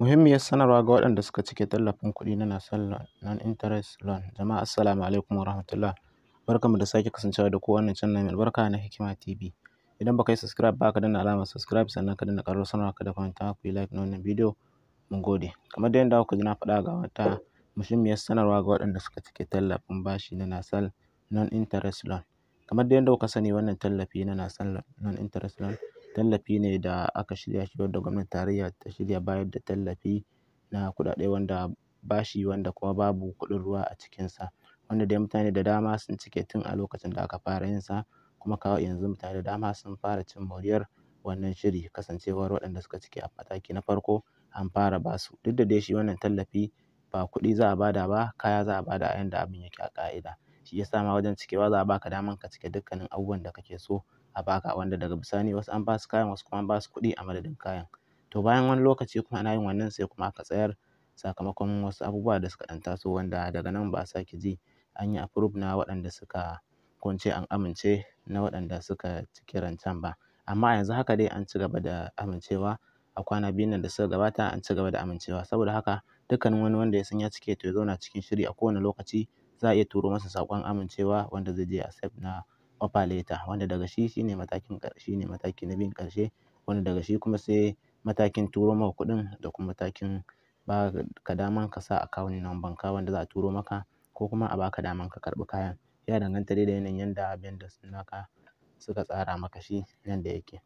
Muhimmiyar sanarwa ga waɗanda suka cike tallafin kuɗi na Nassar Non-Interest Loan. Jama'a Assalamu alaikum wa rahmatullah. Barkanmu da sake kasancewa da ku wannan canal mai albarka na Hikima TV. Idan baka yi subscribe ba ka danna alamar subscribe sannan ka danna ƙarar sanarwa ka da kwamanta ku yi like na wannan bidiyo. Mun gode. Kamar da yadda kuka ji na faɗa ga wata muhimmiyar sanarwa ga waɗanda suka cike tallafin bashi na Nassar Non-Interest Loan. Kamar da yadda kuka sani wannan tallafi na Nassar Non-Interest Loan Tallafi ne da aka shirya shi wanda gwamnatin tarayya ta shirya bayar da tallafi na kuɗaɗe wanda bashi wanda kuma babu kuɗin ruwa a cikinsa. Wanda dai mutane da dama sun cike tun a lokacin da aka fara yin sa kuma kawo yanzu mutane da dama sun fara cin moriyar wannan shiri kasancewar waɗanda suka cike a mataki na farko an fara ba su. Duk da dai shi wannan tallafi ba kuɗi za a ba da ba kaya za a ba da a yanda abin yake a ƙa'ida. Shi ya sa ma wajen cikewa za a baka daman ka cike dukkanin abubuwan da kake so. a baka wanda daga bisani wasu an basu kayan wasu kuma an basu kuɗi a madadin kayan to bayan wani lokaci kuma ana yin wannan sai kuma aka tsayar sakamakon wasu abubuwa da suka ɗan taso wanda daga nan ba a sake ji an yi approve na waɗanda suka kunce an amince na waɗanda suka ciki rancen ba amma yanzu haka dai an ci gaba da amincewa a kwana biyun nan da suka gabata an ci gaba da amincewa saboda haka dukkanin wani wanda ya san ya cike to ya zauna cikin shiri a kowane lokaci za a iya turo masa saƙon amincewa wanda zai je a na offer wanda daga shi shine matakin shine mataki na biyun ƙarshe wanda daga shi kuma sai matakin turo maka kuɗin da kuma matakin ba ka daman ka sa account number ka wanda za a turo maka ko kuma a baka daman ka karɓi kayan ya danganta dai da yanayin yanda vendors naka suka tsara maka shi yanda yake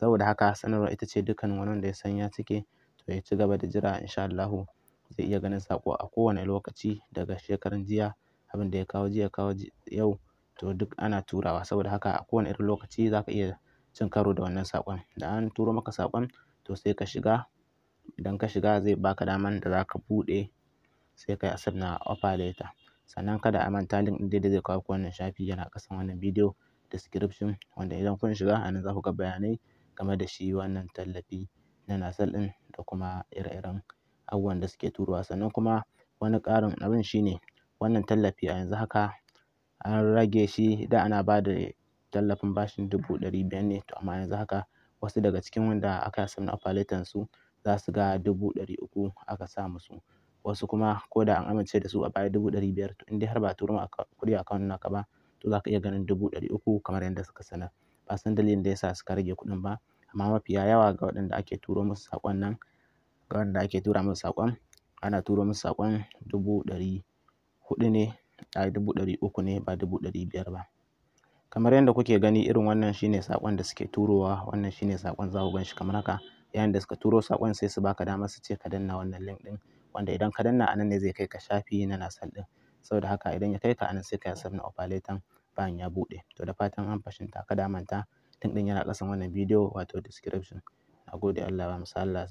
saboda haka sanarwa ita ce dukkanin wani wanda ya san ya cike to ya ci gaba da jira insha Allahu zai iya ganin saƙo a kowane lokaci daga shekaran jiya abin da ya kawo jiya kawo yau to duk ana turawa saboda haka a kowane irin lokaci za ka iya cin karo da wannan saƙon da an turo maka saƙon to sai ka shiga idan ka shiga zai baka daman da za ka buɗe sai ka yi a na offer letter sannan kada a manta link ɗin da zai kawo ku wannan shafi yana ƙasan wannan bidiyo description wanda idan kun shiga a nan za ku ga bayanai game da shi wannan tallafi na Nasal ɗin da kuma ire-iren abubuwan da suke turowa sannan kuma wani ƙarin abin shi ne wannan tallafi a yanzu haka an rage shi da ana ba da tallafin bashin dubu ɗari biyar ne to amma yanzu haka wasu daga cikin wanda aka samu affiliator su za su ga dubu ɗari uku aka sa musu wasu kuma ko da an amince da su a baya dubu ɗari biyar to in dai har ba turo ma kuɗi account ka ba to za ka iya ganin dubu ɗari uku kamar yadda suka sanar ba san dalilin da ya sa suka rage kuɗin ba amma mafiya yawa ga waɗanda ake turo musu saƙon nan ga waɗanda ake tura musu saƙon ana turo musu saƙon dubu ɗari huɗu ne a dubu ɗari uku ne ba dubu ɗari biyar ba kamar yadda kuke gani irin wannan shine saƙon da suke turowa wannan shine saƙon za ku shi kamar haka yayin da suka turo saƙon sai su baka dama su ce ka danna wannan link ɗin wanda idan ka danna anan ne zai kai ka shafi na nasal ɗin saboda haka idan ya kai ka anan sai ka yasar na opalatan bayan ya buɗe to da fatan an fashinta ka damanta, link ɗin yana ƙasan wannan bidiyo wato description gode Allah ba mu